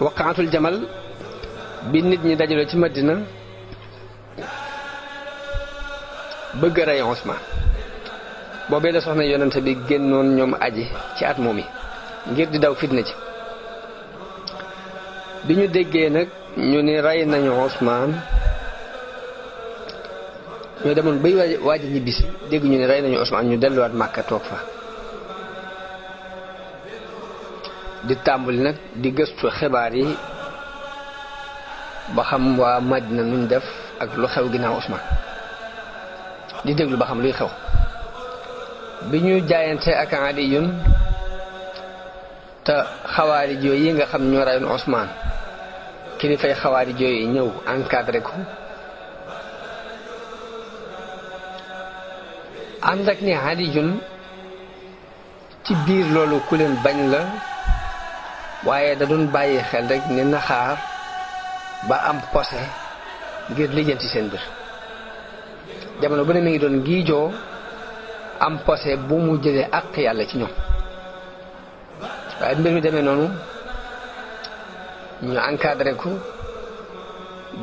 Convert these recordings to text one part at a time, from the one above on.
waqaatul jamal bi nit ñi dajaloo ci Madina bëgg a rey Usmaan boobee la soxna yonent bi génnoon ñoom aji ci at moom yi ngir di daw fitna ci bi ñu déggee nag ñu ni rey nañu Usmaan ñoo demoon bay waaj a ñibbisi dégg ñu ni rey nañu Usmaan ñu delluwaat Màkka toog fa di tàmbali nag di gëstu xibaar yi ba xam waa Madina nuñ def ak lu xew ginaaw Ousmane di déglu ba xam luy xew bi ñu jaayante ak Aliyun te xawaarij yi nga xam ñoo rayoon Ousmane kilifay xawaarij yi ñëw encadré ko ànd ak ni Aliyun ci biir loolu ku leen bañ la waaye da doon bàyyi xel rek ni xaar ba am posé ngir lijjanti seen bir jamono ba ne mi ngi doon giijoo am posé bu mu jëlee ak yàlla ci ñoom waaye mbir mi demee noonu ñu encadré ko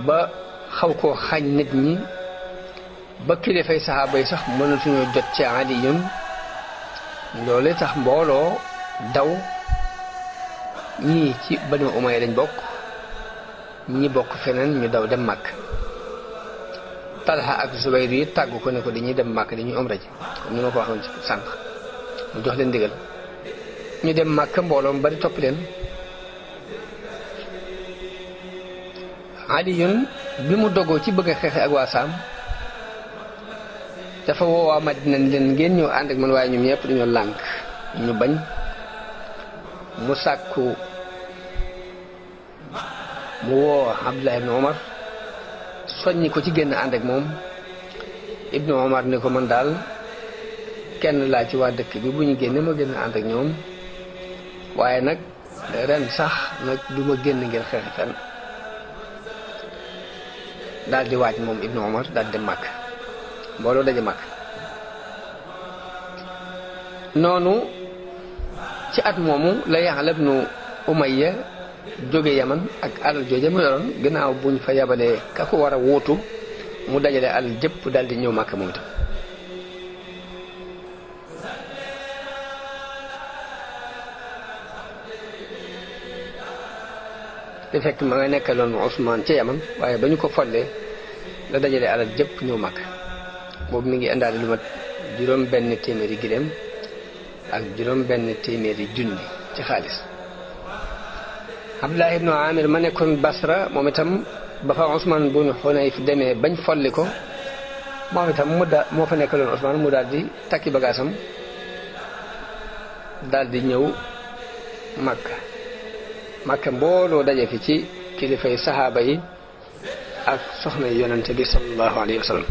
ba xaw ko xañ nit ñi ba kilifay saxaaba yi sax mënatuñoo jot ci Ali yun loole tax mbooloo daw ñii ci banu Umayya lañ bokk ñi bokk feneen ñu daw dem màkk Talha ak Zubayr yi tàgg ko ne ko ñuy dem màkk dañuy umra ji comme ni ma ko waxoon ci sànq mu jox leen ndigal ñu dem màkk mbooloo mu bari topp leen Aliyun bi mu dogoo ci bëgg a ak waa Saam dafa woo waa Madina leen ngeen ñëw ànd ak man waaye ñoom ñëpp dañoo lànk ñu bañ mu sàkku mu woo Abdullah ibn Omar soññi ko ci génn ànd ak moom ibn Omar ne ko man daal kenn laa ci waa dëkk bi bu ñu génne ma génn ànd ak ñoom waaye nag ren sax nag du génn ngir xeexi fenn daal di waaj moom ibn Omar daal dem màkk mbooloo daje màkk noonu ci at moomu la Yaxya ibn Umayya jóge yaman ak alal jooja mu yoroon gannaaw buñ fa yabalee ka ko war a wuutu mu dajale alal jëpp daal di ñëw màkk moom itam te fekk ma nga nekkaloon Ousmane ca yaman waaye ba ñu ko follee la dajale alal jëpp ñëw màkk boobu mu ngi indaale lu mat juróom benn téeméeri giléem ak juróom benn téeméeri junni ci xaalis Abdullah ibnu Amir ma nekkoon Basra moom tam ba fa Ousmane bun Hunayf demee bañ folli ko moom itam moo fa nekkaloon Ousmane mu daal di takki bagaasam daal di ñëw Makka Makka mbooloo daje fi ci kilifay saxaaba yi ak soxna yonente bi sallallahu alayhi wa sallam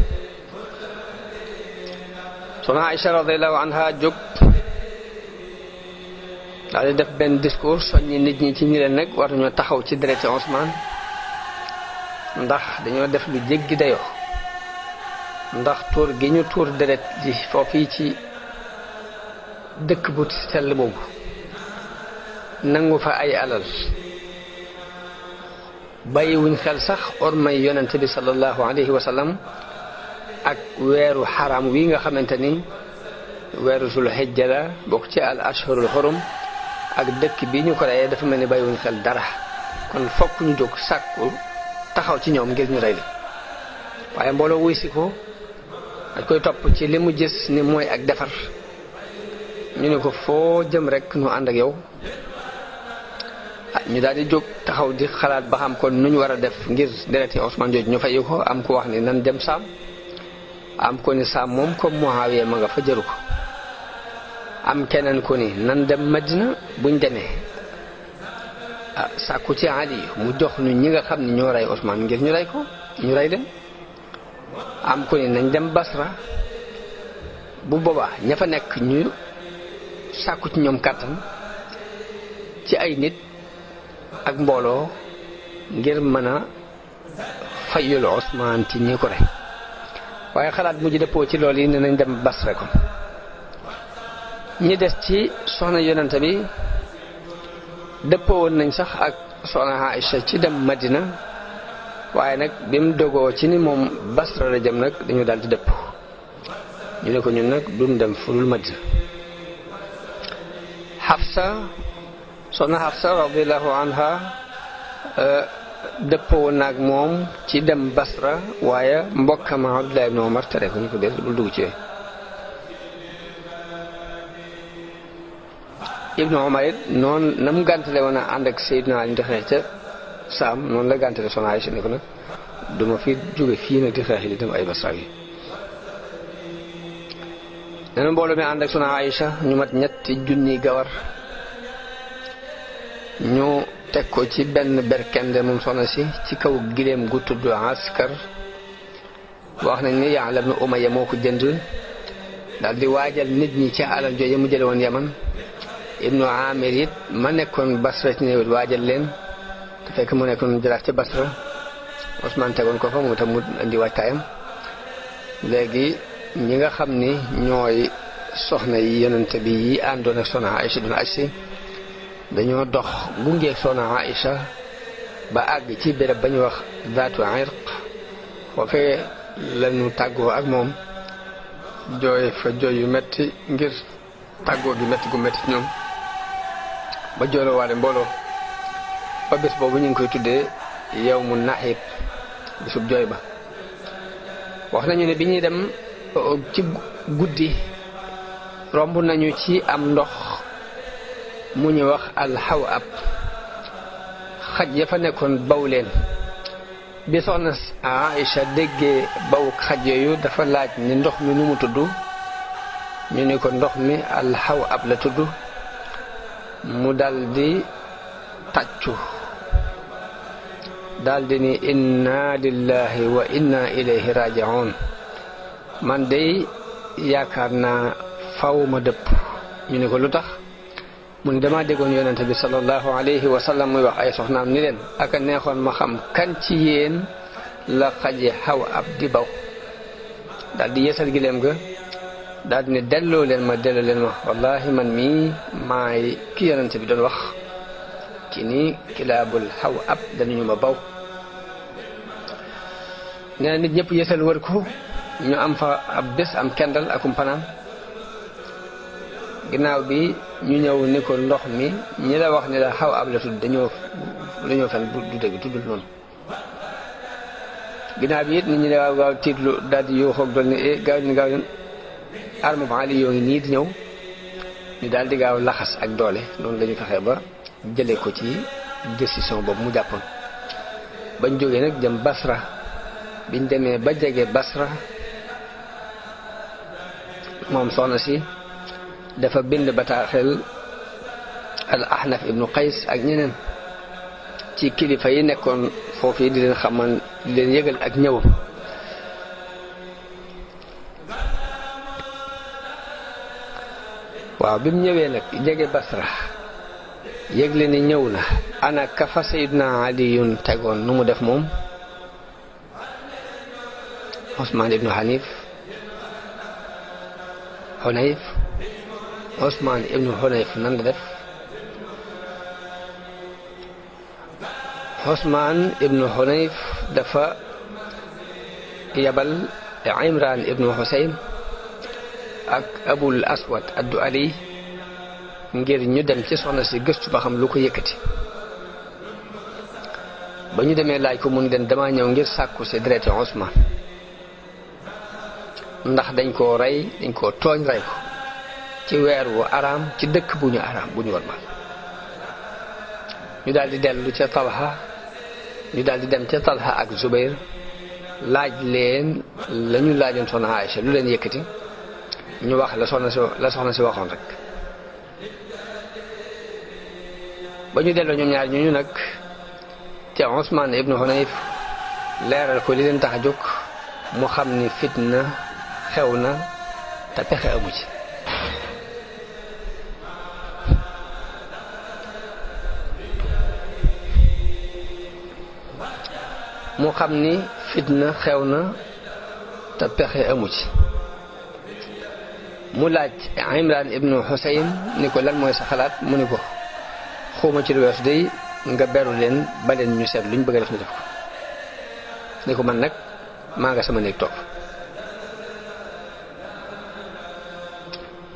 soxna Aïcha radiyallahu anha jóg daal def benn discours soññi nit ñi ci ñi leen nag war nañoo taxaw ci direction Ousmane ndax dañoo def lu jéggi dayoo ndax tuur gi ñu tuur deret ji yi ci dëkk bu sell boobu nangu fa ay alal wuñ xel sax ormay yonent bi sallallahu alayhi wa sallam ak weeru xaram wi nga xamante ni weeru sul xijja la bokk ci al ashhurul xurum ak dëkk bi ñu ko reyee dafa mel ni bay wuñ xel dara kon fokk ñu jóg sàkkul taxaw ci ñoom ngir ñu rey leen waaye mbooloo wuy ko dañ koy topp ci li mu gis ni mooy ak defar ñu ne ko foo jëm rek nu ànd ak yow ah, ñu daal di jóg taxaw di xalaat ba xam kon nu ñu war a def ngir dereti Ousmane jooju ñu fay ko am ko wax ni nan dem saam am ko ni saam moom comme Muawiya ma nga fa jëru ko am keneen ko ni nan dem Madina buñ demee ah, sàkku ci Ali mu jox ñu ñi nga xam ne ñoo rey Ousmane ngir ñu rey ko ñu rey leen am ku ni nañ dem Basra bu boobaa ña fa nekk ñu sàkku ci ñoom kàttan ci ay nit ak mbooloo ngir mën a fayul Ousmane ci ñi ko rey waaye xalaat mujj dëppoo ci loolu yi ne nañ dem Basra ko ñi des ci soxna yonent bi dëppoo woon nañ sax ak soxna Aïcha ci dem Madina waaye nag bi mu dogoo ci ni moom Basra la jëm nag dañu daal di dëpp ñu ne ko ñun nag duñ dem fulul Madina Xafsa soxna Xafsa radiallahu anha euh, dëppoo woon naag moom ci dem Basra waaye mbokkam Abdullah ibn Omar tere ko ñu ko dee bul dugg ci ibnu Omar it noonu na mu gàntale woon a ànd ak Seydina Ali di xeex ca Saam noonu la gàntale soxna Aysa ne ko nag du fi jóge fii nag di xeex li dem ay basra yi nena mbooloo mi ànd ak soxna Aysa ñu mat ñetti junni gawar ñu teg ko ci benn berkende moom soxna si ci kaw gileem gu tudd askar wax nañ ni Ya'la ibnu Umayya moo ko jënd daal di waajal nit ñi ca alal jooje mu jële woon Yaman ابن عامر يت ما نكون بصرة نيول واجل لين تفك ما نكون جلسة بصرة عثمان تكون كفا متمود عندي وقتهم لكي نيجا خمني نوي سخنة ينتبي أن دون سنة عائشة دون عائشة دنيو دخ بونج سنة عائشة بأعجب تبر بني وخ ذات عرق وفي لن تجو أجمع جوي فجوي متي غير تجو متي غمتي نوم ba jooloo mbooloo ba bés boobu ñu ngi koy tuddee yow mu naxib bésub jooy ba wax nañu ne bi ñuy dem ci guddi romb nañu ci am ndox mu ñu wax alxaw ab xaj ya fa nekkoon baw leen bi soxna Aïcha déggee baw xaj yooyu dafa laaj ni ndox mi nu mu tudd ñu ni ko ndox mi alxaw ab la tudd mu daldi tàccu daldi ni inna lillahi wa inna ilayhi raji'un man dey yaakaar na faw ma dëpp ñu ne ko lu tax mu ne damaa déggoon yonente bi sallallahu alayhi wa muy wax ay soxnaam ni leen aka neexoon ma xam kan ci yéen la xaje xaw ab di baw daldi yeesal gileem ga daal di ne delloo leen ma delloo leen ma wallahi man mii maay ki yonent bi doon wax ci ni kilaabul xaw ab dañu ma baw nee na nit ñëpp yesal wër ko ñu am fa ab bés am kendal akum panaan ginnaaw bi ñu ñëw ni ko ndox mi ñi la wax ni la xaw ab la tudd dañoo dañoo fen du dëgg tuddul noonu ginnaaw bi it nit ñi ne waaw waaw tiitlu daal di yuuxoog dool ni gaaw leen gaaw leen arme bi yi ngi nii di ñëw ni daldi gaaw laxas ak doole noonu lañu fexee ba jëlé ko ci décision bobu mu jappal bañ joggé nag dem Basra biñ démé ba jege Basra moom soxna si dafa bind bataaxel al ahnaf ibnu qays ak ñeneen ci kilifa yi nekkoon foofu yi di leen xamal di leen yëgal ak ñëwam waaw bi mu ñëwee nag jege basra yëgle ni ñëw na ana kafa sayidna aliyun tegoon nu mu def moom osman ibnu hanif xunayf osman ibnu xunayf nan la def osman ibnu xunayf dafa yabal imran ibnu xusayn ak abul aswad addu ali ngir ñu dem ci soxna si gëstu ba xam lu ko yëkkati ba ñu demee laaj ko mun den dama ñëw ngir sàkku si dereti Usmaan ndax dañ koo rey dañ koo tooñ rey ko ci weer wu araam ci dëkk bu ñu araam bu ñu war maal ñu daal dellu ca Talha ñu daal dem ca Talha ak Zubayr laaj leen lañu laajoon soxna Aïcha lu leen yëkkati ñu wax la soxna si la soxna si waxoon rek ba ñu delloo ñoom ñaar ñooñu nag te Ousmane ibnu Hunayf leeral ko li leen tax a jóg mu xam ni fitna xew na te pexe amu ci mu xam ni fitna xew na te pexe amu ci mu laaj imran ibnu xuseyn ni ko lan mooy sa xalaat mu ni ko xawma ci lu weesu day nga beru leen ba leen ñu seet luñ bëgg def ñu def ko ni ko man nag maa nga sama néeg toog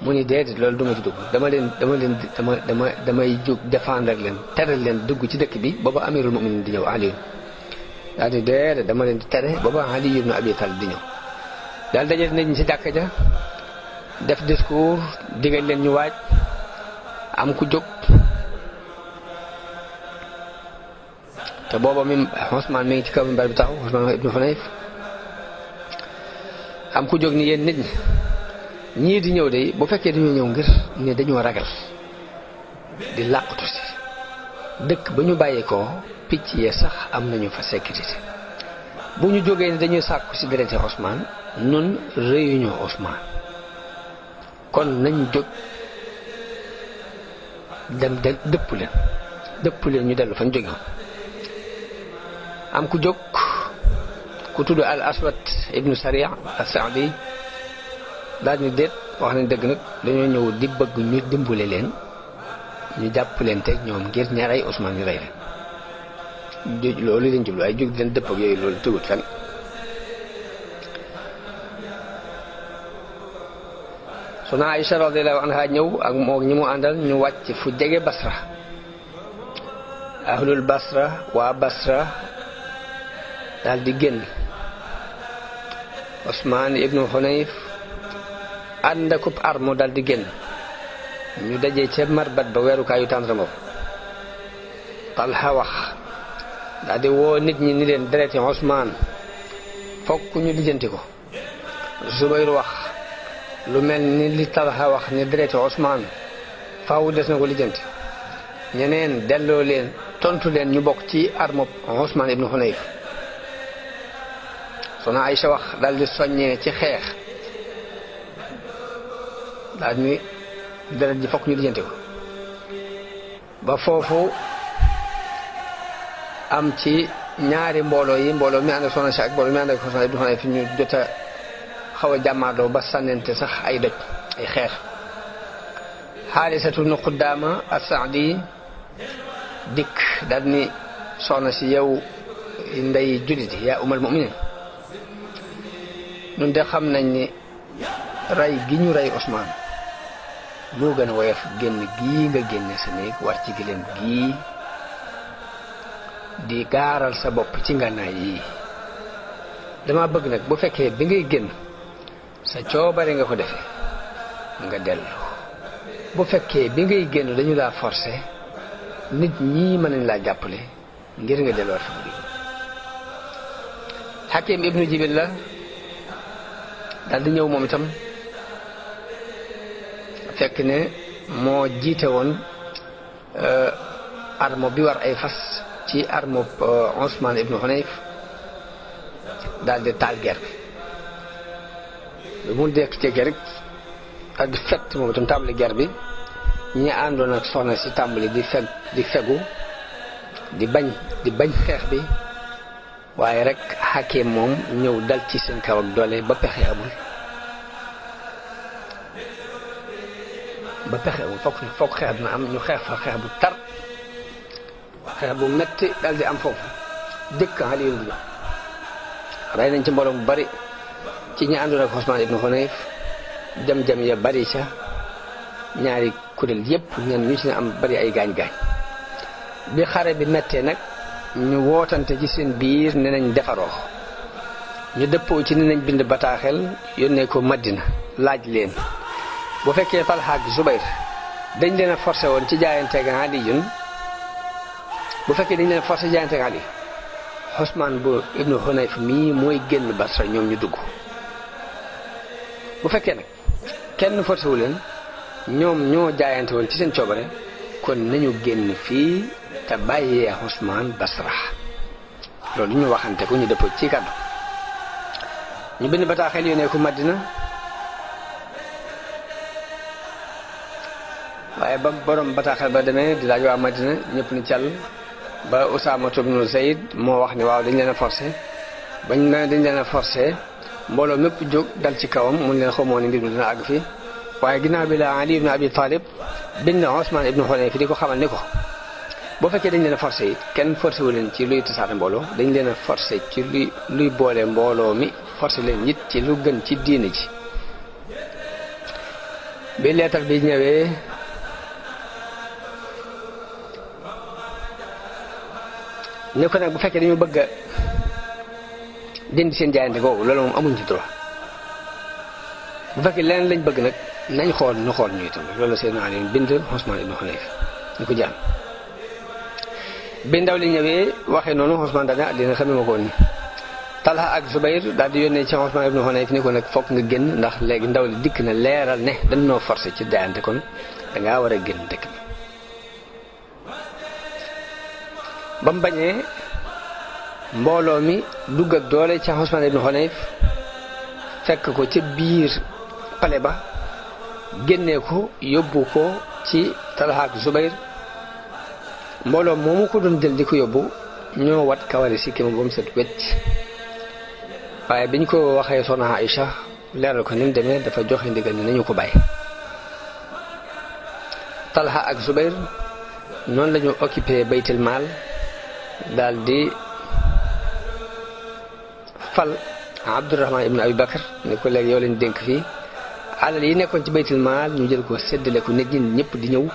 mu ni déedéet loolu duma ci dugg dama leen dama leen dama dama damay jóg défendre leen tere leen dugg ci dëkk bi booba amirul muminin di ñëw aliyu daal di déedéet dama leen di tere booba aliyu ibnu abi talib di ñëw daal daje nañ ci jàkka ja def discours digal leen ñu waaj am ku jóg te booba mi Ousmane mi ngi ci kaw mimbar bi taxaw Ousmane am ku jóg ni yéen nit ñi ñii di ñëw de bu fekkee dañoo ñëw ngir ni dañoo ragal di làqutu si dëkk ba ñu bàyyi ko picc yee sax am nañu fa sécurité bu ñu jógee ne dañuy sàkku ci dereti Ousmane nun rëyuñu Ousmane kon nañu jóg dem dëpp leen dëpp leen ñu dellu fañ jóge am ku jóg ku tudd al aswad ibnu saria as-saadi daal ñu déet wax nañ dëgg nag dañoo ñëw di bëgg ñu dimbale leen ñu jàpp leen teg ñoom ngir ña rey Ousmane ñu rey leen loolu lañ ay jóg di leen dëpp yooyu loolu tëgut fen soxna Aïcha radiyallahu anha ñëw ak moog ñi mu àndal ñu wàcc fu jege Basra ahlul Basra waa Basra daal di génn Ousmane ibnu Hunayf ànd armo daal di génn ñu daje ca marbat ba weerukaayu tàndarma Talha wax daal di woo nit ñi ni leen dereti Ousmane fokk ñu lijjanti ko Zubayr wax lu mel ni li Talha wax ni dereti Ousmane faaw des na ko lijjanti ñeneen delloo leen tontu leen ñu bokk ci armob Ousmane ibnu Hunayf soxna Aysa wax daal di soññee ci xeex daal ni deret ji fokk ñu lijjanti ko ba foofu am ci ñaari mbooloo yi mbooloo mi ànd ak soxna si ak mbooloo mi ànd ak Ousmane ibnu Hunayf ñu jota xaw a ba sànnante sax ay doj ay xeer xaalisatu nu xuddaama assaadi dikk daal ni soxna si yow ndey jullit yaa umal muminin ñun de xam nañ ni rey gi ñu rey osmaan moo gën a woyof génn gii nga génne sa néeg war ci gileem gii di gaaral sa bopp ci ngànnaay yii dama bëgg nag bu fekkee bi ngay génn sa coobare nga ko defe nga dellu bu fekkee bi ngay génn dañu laa forcé nit ñi mën nañ laa jàppale ngir nga delloo fi mu Hakim ibnu Jibil la daal di ñëw moom itam fekk ne moo jiite woon euh, armo bi war ay fas ci armo euh, Ousmane ibnu Hunayf daal taal guerre mu dekkite ga rek ak fett moom itam tàmbali ger bi ñi àndoon ak soxna si tàmbali di feg di fegu di bañ di bañ xeex bi waaye rek xàkkee moom ñëw dal ci seen kaw ak doole ba pexe amul ba pexe amul fokk fokk xeex dina am ñu xeex fa xeex bu tar xeex bu metti dal di am foofu dëkk xale yu rey nañ ci mbolom bu bari ci ñi àndoon ak Ousmane ibnu Hunayf jam-jam ya bari ca ñaari kuréel yépp ñenn ñu ci ne am bari ay gaañ-gaañ bi xare bi mettee nag ñu wootante ci seen biir ne nañ defaroo ñu dëppoo ci ne nañ bind bataaxel yónnee ko Madina laaj leen bu fekkee Talha ak Zubayr dañ leen a forcé woon ci jaayanteeg Ali yun bu fekkee dañ leen a forcé jaayanteeg Ali Usmaan bu ibnu Hunayf mii mooy génn Basra ñoom ñu dugg bu fekkee nag kenn forcé wu leen ñoom ñoo jaayante woon ci seen coobare kon nañu génn fii te bàyyee Ousmane Basra loolu ñu waxante ko ñu dëppoo ci kàddu ñu bind bataaxel yónnee ko maddina waaye ba borom bataaxel ba demee di laaj waa Madina ñëpp ni càll ba Usaama ibnu Zayd moo wax ni waaw dañ leen a forcé bañ na dañ leen a forcé mbooloo mépp jóg dal ci kawam mun leen xamoo ne mbir mi dina àgg fi waaye ginnaaw bi la Ali ibn Abi Talib bind na Ousmane ibn di ko xamal ni ko boo fekkee dañ leen a forcé yi kenn forcé wu leen ci luy tasaare mbooloo dañ leen a ci luy luy boole mbooloo mi forcé leen it ci lu gën ci diine ji bi leetar bi ñëwee ni ko nag bu fekkee dañu bëgg dindi seen jaayante googu loolu moom amuñ ci droit bu fekkee leneen lañ bëgg nag nañ xool nu xool ñu itam loolu seen naa leen bind Usmaan ibnu Xaniif ñu ko jàmm bi ndaw li ñëwee waxee noonu Usmaan daal ne dina xamee ma ko woon Talha ak di yónnee ci Usmaan ibnu ni ko nag nga génn ndax léegi ndaw li dikk na leeral ne dañ noo forcé ci jaayante kon dangaa war a génn dëkk bi ba mu bañee mbooloo mi dugg ak doole ca Usmaan ibnu Xunayf fekk ko ca biir pale ba génnee ko yóbbu ko ci Talha ak Zubayr mbooloo moomu ko doon jël di ko yóbbu ñoo wat kawari si kéema ba mu set wecc waaye biñ ko waxee soxna Aïcha leeral ko ni mu dafa joxe ndigal ni nañu ko bàyyi Talha ak Zubayr noonu lañu ñu occupé baytil fal Abdourahman ibn Abi Bakar ne ko léegi yow leen dénk fii alal yi nekkoon ci baytul maal ñu jël ko séddale ko nit ñi ñëpp di ñëw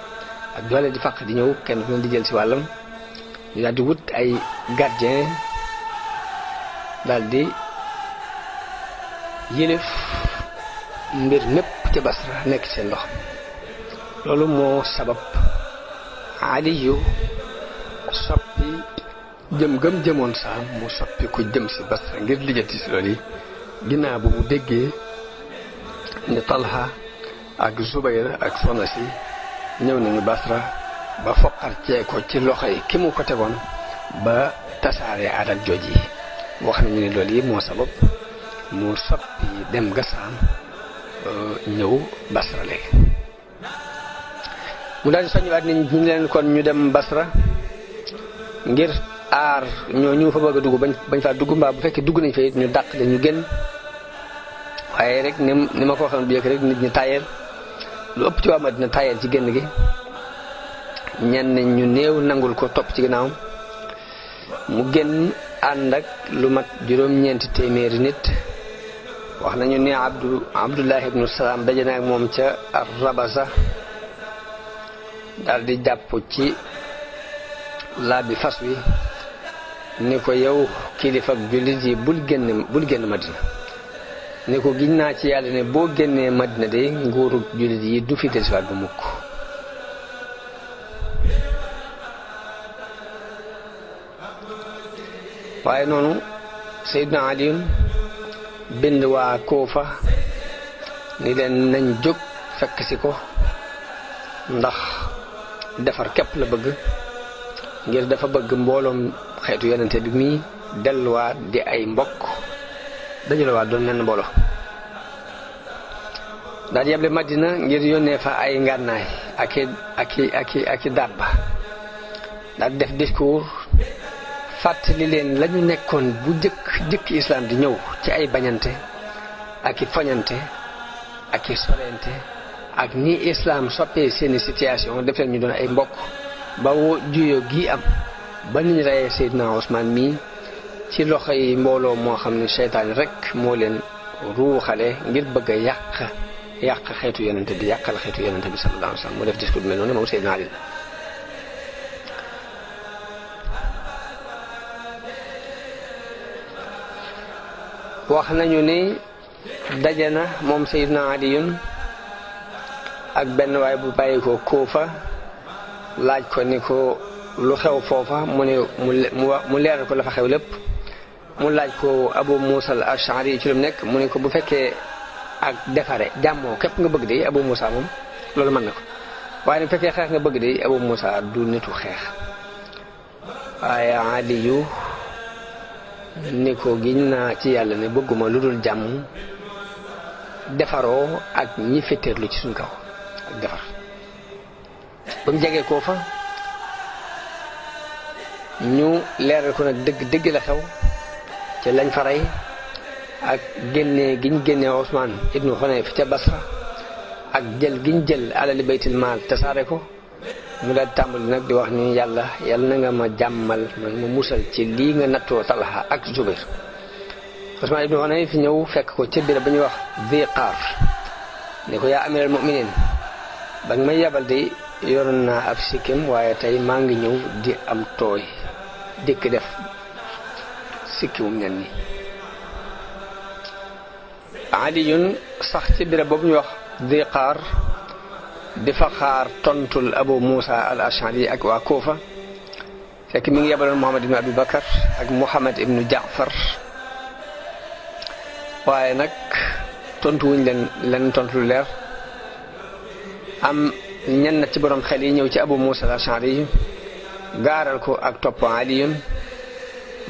ak doole di fàq di ñëw kenn ku ne di jël si wàllam ñu daal wut ay gardien daal di mbir mépp ci Basra nekk seen loxo loolu moo sabab Aliyu soppi jëm gëm jëmoon saam mu soppi ku jëm si Basra ngir lijjanti si loolu yi ginnaaw bu mu déggee ni Talha ak Zubayr ak soxna si ñëw nañu Basra ba foqar cee ci loxo yi ki mu ko tegoon ba tasaare alal jooj yi wax nañu ni loolu yi moo sabab mu soppi dem ga saam euh, ñëw Basra léegi mu daal di soññiwaat ñu dem Basra ngir aar ñoo ñu fa bëgg a dugg bañ bañ faa dugg mbaa bu fekkee dugg nañ fa ñu dàq leen ñu génn waaye rek ni ni ma ko waxoon bu yëkk rek nit ñi tayeel lu ëpp ci waa Madina tayeel ci génn gi ñenn ñu néew nangul ko topp ci ginnaawam mu génn ànd ak lu mat juróom-ñeenti téeméeri nit wax nañu ne Abdu Abdullahi ibnu daje na moom ca Rabasa daal di jàpp ci laa fas wi ni ko yow kilifa jullit yi bul génn bul génn madina ni ko giñ naa ci yàlla ne boo génnee madina de nguuru jullit yi du fi desiwaat bu mukk waaye noonu Seydina Ali bind waa Koofa ni leen nañ jóg fekk si ko ndax defar képp la bëgg ngir dafa bëgg mbooloom xeetu yonente mi muy delluwaat di ay mbokk dajalewaat doon lenn mbooloo daal di yable Madina ngir yónnee fa ay ngànnaay ak i ak i ak i ak daal def discours fàttali leen lañu nekkoon bu jëkk jëkk islam di ñëw ci ay bañante ak i foñante ak i sorente ak ni islam soppee seeni situation def leen ñu doon ay mbokk ba woo juyoo am ba niñ reyee Seydina Ousmane mii ci loxo yi mbooloo moo xam ne seytaan rekk moo leen ruuxale ngir bëgg a yàq yàq xeetu yonente bi yàqal xeetu yonente bi sallallahu alayhi mu def discours mel noonu moom Seydina Ali wax nañu ni daje na moom Seydina Aliyun ak benn waay bu bàyyi ko Kuufa laaj ko ni ko lu xew foofa mu ne mu mu leeral ko la fa xew lépp mu laaj ko Abu muusal al Ashari ci lu mu nekk mu ne ko bu fekkee ak defare jàmmoo képp nga bëgg de Abu Musa moom loolu man na ko waaye bu fekkee xeex nga bëgg de Abu Musa du nitu xeex waaye Aliyu ni ko giñ naa ci yàlla ne bëgguma lu dul jàmm defaroo ak ñi féeteerlu ci suñ kaw defar ba mu koo fa ñu leeral ko nag dëgg dëgg la xew ci lañ fa ak génne gi ñu génne Ousmane ibnu Xunayf ca Basra ak jël gi ñu jël alali baytil tasaare ko mu daal tàmbali nag di wax ni yàlla yàlla na nga ma jàmmal ma musal ci lii nga nattoo Talha ak Zubair Ousmane ibnu Xunayf ñëw fekk ko ca biir ba ñuy wax Ziqaar ni ko yaa amiral muminin ba nga may yabal de yoroon naa ab sikkim waaye tey maa ngi ñëw di am tooy dikk def sikkiwum ñen ñi aliyun sax ci béréb boobu ñu wax di xaar di fa xaar tontul abu muusa al ashari ak waa kuufa fekk mi ngi yebaloon muhammad ibnu abi bakar ak mu ibnu jaafar waaye nag tontu wuñ leen leen am ñenn ci borom xel yi ñëw ci abu muusa al ashari gaaral ko ak topp aliyun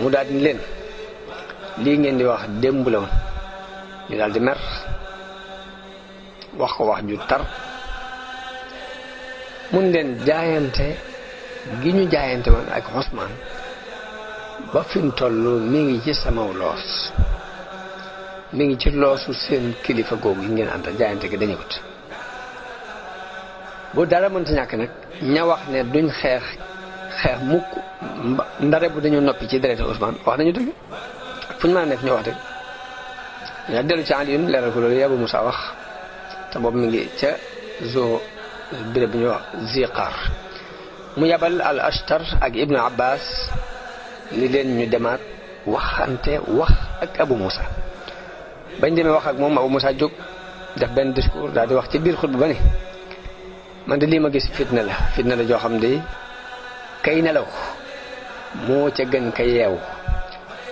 mu daal di leen lii ngeen di wax démb la ñu daal di mer wax ko wax ju tar mun leen jaayante gi ñu jaayante woon ak Usmaan ba fi mu toll mi ngi ci samaw loos mu ngi ci loosu seen kilifa googu yi ngeen àndal jaayante gi dañu wut bu dara mënta ñàkk nag ña wax ne duñ xeex xeex mukk ndare bu dañoo noppi ci deretu Ousmane wax nañu dëgg fu ñu mën a nekk ñu wax dëgg yaa dellu ci Alioune leeral ko loolu yabu Moussa wax te boobu mi ngi ca zoo béréb bu ñuy wax Ziqaar mu yabal al ashtar ak ibnu abbas li leen ñu demaat waxante wax ak abu Moussa bañ demee wax ak moom abu Moussa jóg def benn discours daal di wax ci biir xutba ba ne man de lii ma gis fitna la fitna la joo xam de kay nelaw moo ca gën ka yeewu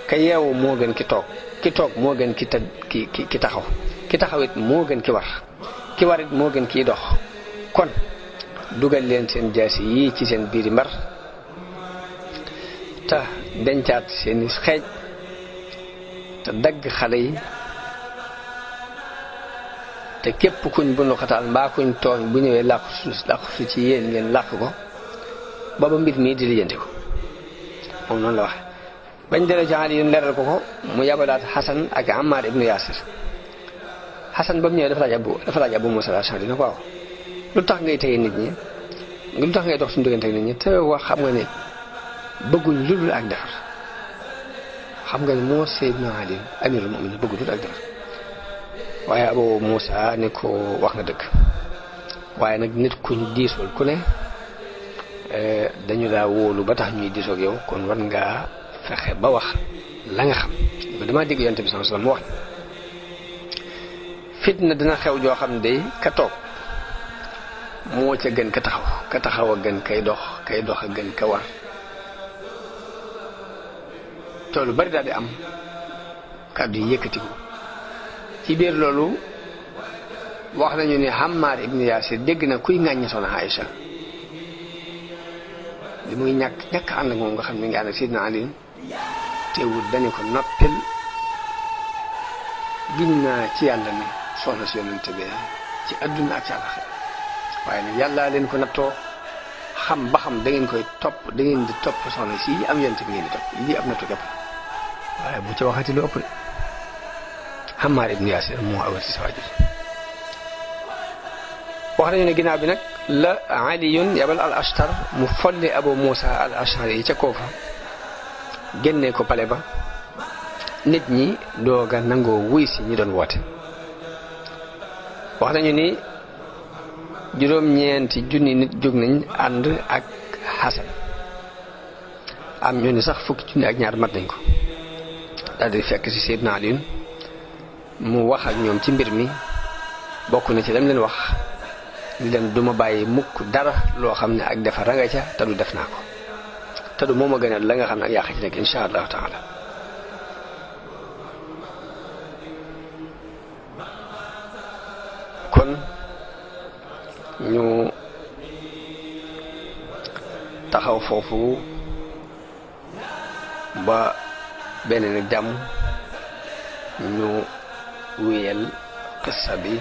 ka yeewu moo gën ki toog ki moo gën ki ta ki ki taxaw ki taxaw moo gën ki war ki war moo gën kiy dox kon dugal leen seen jaasi yii ci seen biir biiri mbar te dencaat seeni xeej te dagg xale yi te képp kuñ bu nu xataal mbaa kuñ tooñ bu ñëwee làqu su làqu su ci yéen ngeen làq ko ba ba mbir mii di lijjanti ko moom la wax bañ delloo ci ko ko mu yabalaat Xasan ak Ammar ibnu Yaasir Xasan ba mu ñëwee dafa laaj abu dafa laaj abu Muusaa ko waaw lu tax ngay téye nit ñi lu tax ngay dox suñu diggante ak nit ñi te wax xam nga ne bëgguñ lu dul ak defar xam nga ne moo di Ali amirul mu'minin bëggu lu dul ak defar waaye abu Muusaa ne ko wax nga dëgg waaye nag nit kuñ diisul ku Eh, dañu laa wolu ba tax ñuy disok yow kon war nga fexé ba wax la nga xam ba dama dégg yonte bi sallallahu alayhi wasallam wax fitna dina xew jo xam day ka tok mo ca gën ka taxaw ka taxaw gën kay dox kay dox gën ka war bari daal di am ko ci biir loolu wax nañu ni Hammar ibn Yasir dégg na kuy ŋàññi soxna Aïcha bi muy ñàkk ñàkk ànd ak moom nga xam ne mi ngi ànd ak Seydina Ali teewul dane ko noppil giñ naa ci yàlla ne soxna si yonente bee ci adduna ak ci àllaxira waaye nag yàllaa leen ko nattoo xam ba xam da ngeen koy topp da ngeen di topp soxna si yi am yonente bi ngeen di topp lii am nattu képp waaye bu ca waxati lu ëpp de Ammaar ibn Yaasir moo awerti sa waajur wax nañu ne ginnaaw bi nag la aliyun yabal al ashtar mu folli abu muusa al ashari ca koofa génne ko pale ba nit ñi dooga nangoo wuy si ñu doon woote wax nañu ni juróom-ñeenti junni nit jóg nañ ànd ak xasan am ñu ni sax fukki junni ak ñaar mat nañ ko daldi fekk ci Seydina Aliyun mu wax ak ñoom ci mbir mi bokk na ci lam leen wax ni leen duma bàyyi mukk dara loo xam ne ak defar ranga ca te du def naa ko te du moom a gënal la nga xam ne ak yàq ci nekk insha allahu taala kon ñu taxaw foofu ba beneen ak jàmm ñu wéyal qissa bi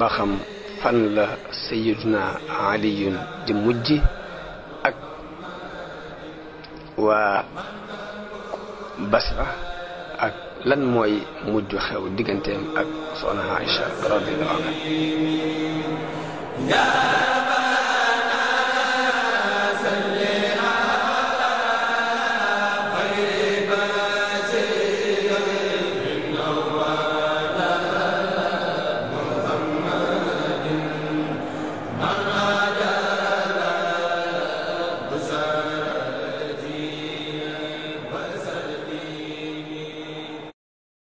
ba xam fan la sayiduna aliyun di mujj ak waa basra ak lan mooy mujj xew digganteem ak soxna Aïcha radiyallahu anha